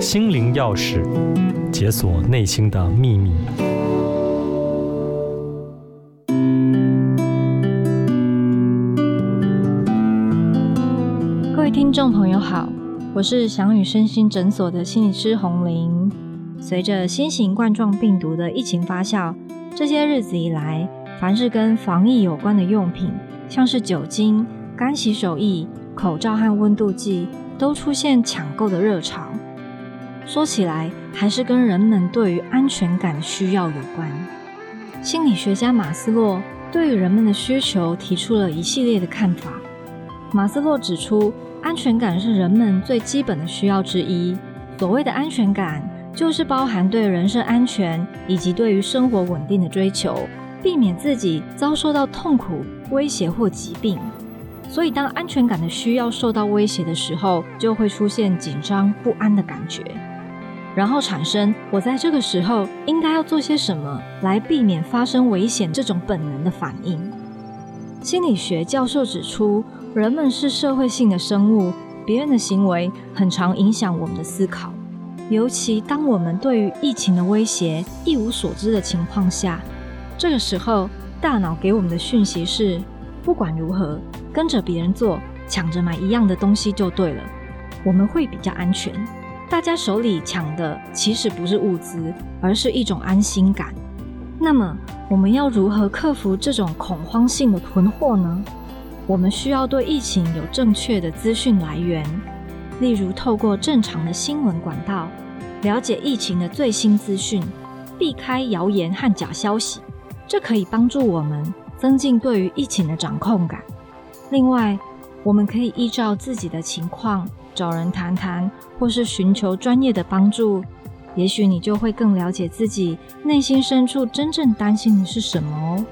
心靈鑰匙，解鎖內心的秘密。各位聽眾朋友好，我是翔宇身心診所的心理師洪玲。隨着新型冠狀病毒的疫情發酵，這些日子以來，凡是跟防疫有關的用品，像是酒精、乾洗手液、口罩和溫度計，都出現搶購的熱潮。說起來，還是跟人們對於安全感的需要有關。心理學家馬斯洛對於人們的需求提出了一系列的看法。馬斯洛指出，安全感是人們最基本的需要之一。所謂的安全感，就是包含對人身安全以及對於生活穩定的追求，避免自己遭受到痛苦、威脅或疾病。所以，當安全感的需要受到威脅的時候，就會出現緊張不安的感覺。然後產生，我在這個時候應該要做些什麼來避免發生危險這種本能的反應。心理學教授指出，人們是社會性的生物，別人的行為很常影響我們的思考，尤其當我們對於疫情的威脅一無所知的情況下，這個時候大腦給我們的訊息是，不管如何，跟着別人做，搶着買一樣的東西就對了，我們會比較安全。大家手裡搶的其實不是物資，而是一種安心感。那麼，我們要如何克服這種恐慌性的囤貨呢？我們需要對疫情有正確的資訊來源，例如透過正常的新聞管道，了解疫情的最新資訊，避開謠言和假消息。這可以幫助我們增進對於疫情的掌控感。另外，我們可以依照自己的情況找人談談，或是尋求專業的幫助，也許你就會更了解自己內心深處真正擔心的是什麼哦。